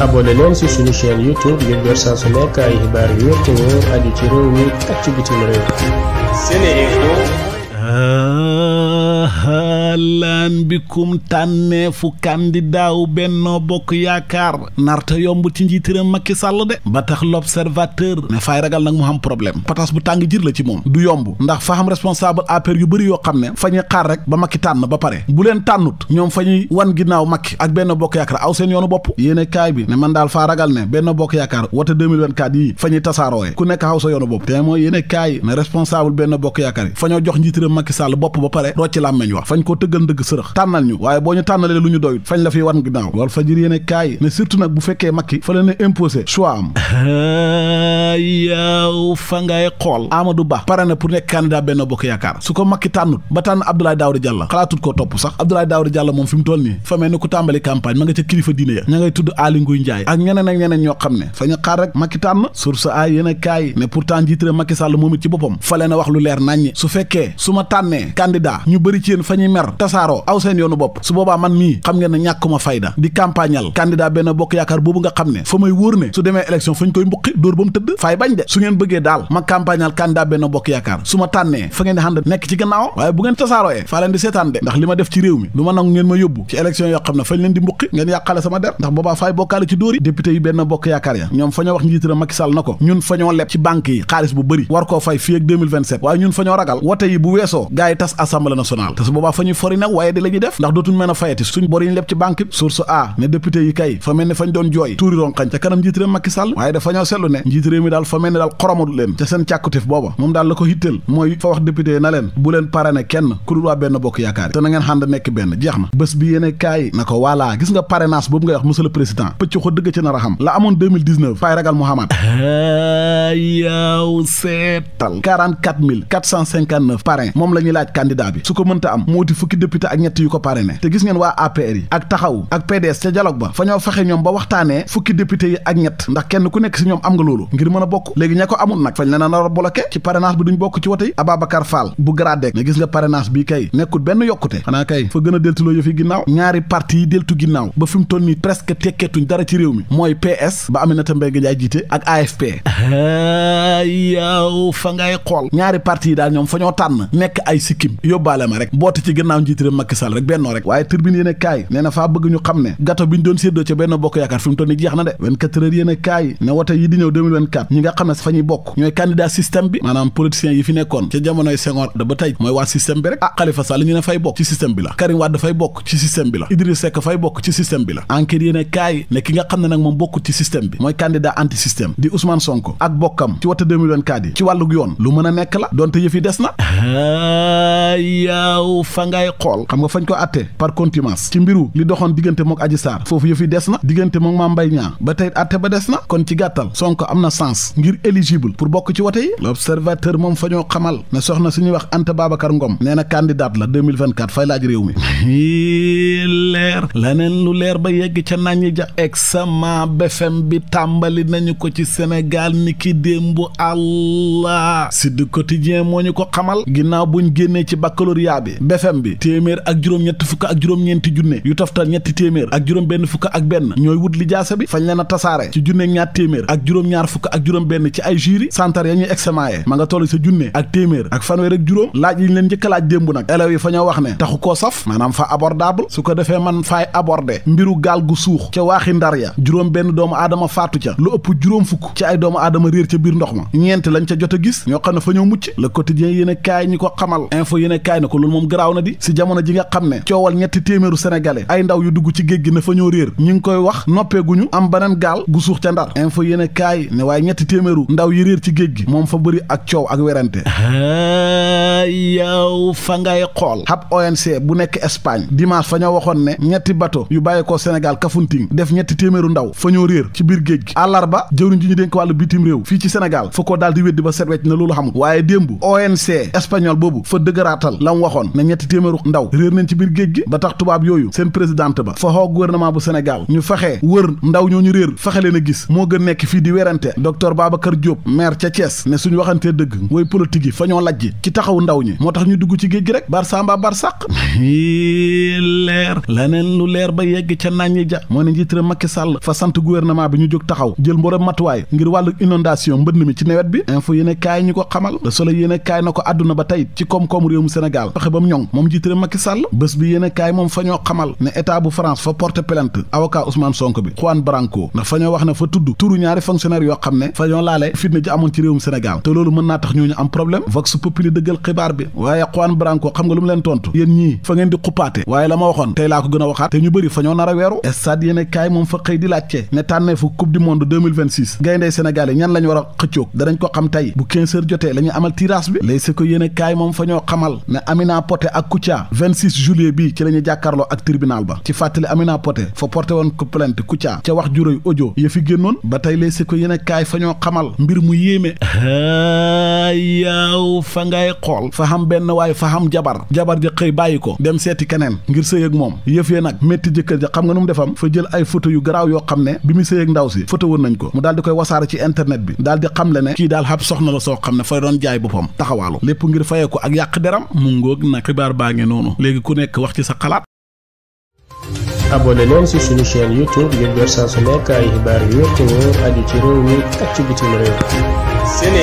abonné leen ci suñu chaîne YouTube ngir jot saa su ay xibaar yu wér te wóor aju ci réew mi ak lan bikum tànnee fu candidat wu Benno Bokk Yaakaar narta yomb ci njiitiram Macky Sall de ba tax l'observateur ne fay ragal nag mu xam problème patas bu tàng jir la ci moom du yomb ndax fa xam responsable APR yu bëri yoo xam ne fa ñuy xaar rek ba Macky tànn ba pare bu leen tànnut ñoom fa ñuy wan ginnaaw Macky ak Benno Bokk Yaakaar aw seen yoonu bopp yéene kaay bi ne man daal faa ragal ne Benno Bokk Yaakaar wote 2024 yii fa ñuy tasaarooye ku nekk xaw sa yoonu bopp te mooy yéene Bokk Yaakaar yi fa ñoo bopp ci làmmeñ wax fañ koo tëggal ndëgg sërëx tànnal ñu waaye boo ñu tànnalee lu ñu doyut fañ la fiy wan ginnaaw wal fajir yéene kaay ne surtout nag bu fekkee makki fa Ba pare na pour nekk candidat benn bokk ko makki tànnut ba tànn Abdoulaye Daouda Diallo xalaatut koo topp sax Abdoulaye Daouda Diallo moom fi mu toll nii fa ni ku tàmbali campagne ma nga ca kilifa diine ya ña ngay tudd Aly Ngouille Ndiaye ak ñeneen ak ñeneen ñoo xam ne fa ñu xaar rek makki tànn source a yéen kaay ne pourtant njiitare Macky Sall moom it ci boppam fa leen a wax lu leer naññi su fekkee su ma tànnee candidat bëri ci yéen fa ñuy mer tasaaroo aw seen yoonu bopp su boobaa man mii xam ngeen ne ñàkkuma fayda di campagneal candidat benn bokk yaakaar boobu nga xam ne fa may wóor ne su demee élection fa koy mbuqi dóor ba mu tëdd fay bañ de su ngeen bëggee daal ma campagneal candidat benn bokk yaakaar su ma tànnee fa ngeen di ànd nekk ci gannaaw waaye bu ngeen tasaarooyee faa leen di seetaan de ndax li ma def ci réew mi du ma nangu ngeen ma yóbbu ci élection nationale te su boobaa fa ñuy fori nag waaye di la def ndax dootuñ mën a fayati suñ bor leb ci banque bi source a ne député yi kay fa mel ne fañ doon jooy tuuri ronxañ ca kanam njiit réew Macky Sall waaye dafa ñoo seetlu ne njiit mi daal fa mel ne daal xoromadul leen ca seen càkkutif booba moom daal la ko hitteel mooy fa wax député yi na leen bu leen parrainé kenn ku dul waa benn bokk yaakaar te na ngeen xànd benn jeex na bés bi yéene kaay a xam la amoon 2019 paay ragal Mouhamad yaaw seetal la laaj candidat mënta am moo di fukki député ak ñett yu ko parrainé te gis ngeen waa APR yi ak taxaw ak PDS ca dialogue ba fa ñoo fexe ñoom ba waxtaanee fukki député yi ak ñett ndax kenn ku nekk si ñoom am nga loolu ngir mën a bokk léegi ña ko amul nag fañ leen nar a bloqué ci parrainage bi duñ bokk ci wote yi Ababacar Fall bu Gradec ne gis nga parrainage bi kay nekkul benn yokkute xanaa kay fa gën a deltuloo ginnaaw ñaari parti yi deltu ginnaaw ba fi mu toll nii presque tekkeetuñ dara ci réew mi mooy PS ba Aminata Mbengue Ndiaye jiite ak fa ngay xool ñaari parti yi daal ñoom fa ñoo tànn nekk ay sikkim yóbbaale Adama rek boote ci gannaaw njiit réew rek bennoo rek waaye turbine yéen kaay nee na faa bëgg ñu xam ne gâteau bi ñu doon séddoo ca benn bokk yaakaar fi mu toll ni jeex na de 24 heures yéen kaay ne wote yi di ñëw 2024 ñi nga xam ne fa ñuy bokk ñooy candidat système bi maanaam politiciens yi nekkoon ca jamonoy Senghor da ba tey mooy waa système bi rek ah Khalifa Sall ñu ne fay bokk ci système bi la Karim Wade fay bokk ci système bi la Idriss gaaw fa ngay xool xam nga fañ ko atte par contumace ci mbiru li doxoon diggante mook Adji Sarr foofu yëf yi des na ba tey atte ba des na kon ci gàttal la 2024 réew mi leer laneen lu leer ba yegg ca nañu ja examen BFM bi tàmbali nañu ko ci Sénégal ni ki démb Allah Sud Quotidien moo ñu ko xamal ginnaaw buñ génnee ci baccalauréat Nigéria bi BFM bi téeméer ak juróom-ñett fukk ak juróom-ñeenti junne yu toftal ñetti téeméer ak juróom benn fukk ak benn ñooy wut li jaasa bi fañ leen a tasaare ci junne ñaar téeméer ak juróom-ñaar fukk ak juróom benn ci ay jury santar ya ñuy examaaye ma nga toll sa junne ak téeméer ak fanweer ak juróom laaj yi leen njëkk a laaj démb nag élèves yi fa wax ne taxu koo saf maanaam fa abordable su ko defee man faay aborder mbiru gaal gu suux ca waaxi ndar ya ma ñeent lañ ca jot a gis ñoo xam ne fa a a kooku loolu moom garaaw na di si jamono ji nga xam ne coowal ñetti téeméeru sénégalais ay ndaw yu dugg ci géej gi na fa ñoo réer ñu ngi koy wax noppeeguñu am beneen gaal gu suux ca ndar info yéene kaay ne waaye ñetti téeméeru ndaw yi réer ci géej gi moom fa bëri ak coow ak werante yow fa ngay xool ab ONC bu nekk Espagne dimanche fa ñoo waxoon ne ñetti bato yu bàyyi ko Sénégal Kafountine def ñetti téeméeru ndaw fa ñoo réer ci biir géej gi àllarba jëwriñ ji ñu dénk wàllu bitim réew fii ci Sénégal fa ko di weddi ba set na loolu xamul waaye démb ONC espagnol waxoon ne ñetti téeméeru ndaw réer nañ ci biir géej gi ba tax tubaab yooyu seen présidente ba faxoo gouvernement bu Sénégal ñu fexe wër ndaw ñoo ñu réer fexe leen a gis moo gën nekk fii di werante docteur Babacar Diop maire ca Thiès ne suñu waxantee dëgg woy politique yi fa ñoo lajj ci taxaw ndaw ñi moo tax ñu dugg ci géej gi rek bar samba bar sàq leer laneen lu leer ba yegg ca naññi ja moo ne njiitare Macky sàll fa sant gouvernement bi ñu jóg taxaw jël mbooram matuwaay ngir wàllu inondation mbënd mi ci nawet bi info yéene kaay ñu ko xamal Le Soleil kaay na ko àdduna ba tey ci koom-koom réew mu Sénégal paxe ba mu ñoŋ moom bés bi yéen kaay moom fa ñoo xamal ne état bu France fa porte plainte avocat Ousmane Sonko bi Juan Branco ndax fa ñoo wax ne fa tudd turu ñaari fonctionnaire yoo xam ne fa ñoo laale fitna ji ci réewum Sénégal te loolu mën naa tax ñooñu am problème vox populi dëggal xibaar bi waaye Juan Branco xam nga lu mu leen tontu yéen ñii fa ngeen di xuppaate waaye la ma waxoon tey laa ko gën a waxaat te ñu bëri fa ñoo Amina Poté ak Kouthia 26 juillet bi ci la ñu jàkkaarloo ak tribunal ba ci fàttali Amina Poté fa porté woon ko plainte Kouthia ca wax juróy ojo ya fi génnoon ba tey lee si ko yéen kaay fa ñoo xamal mbir mu yéeme yaaw fa ngay xool fa xam benn waaye fa xam jabar jabar ja xëy bàyyi ko dem seeti keneen ngir sëy ak moom yëf yee nag métti jëkkër ja xam nga nu mu defam fa jël ay foto yu garaaw yoo xam ne bi mu sëy ak ndaw si photo woon nañ ko mu daal di koy wasaare ci internet bi daal xam le ne kii daal xab soxna la soo xam ne fay doon jaay boppam lépp ngir fayee ko ak yàq deram mu ngoog nag xibaar baa ngi noonu léegi ku nekk wax ci sa xalaat. abonné leen ci suñu chaîne YouTube ngir jot saa su nekk xibaar yu wér te wóor ci réew mi ak ci bitim réew.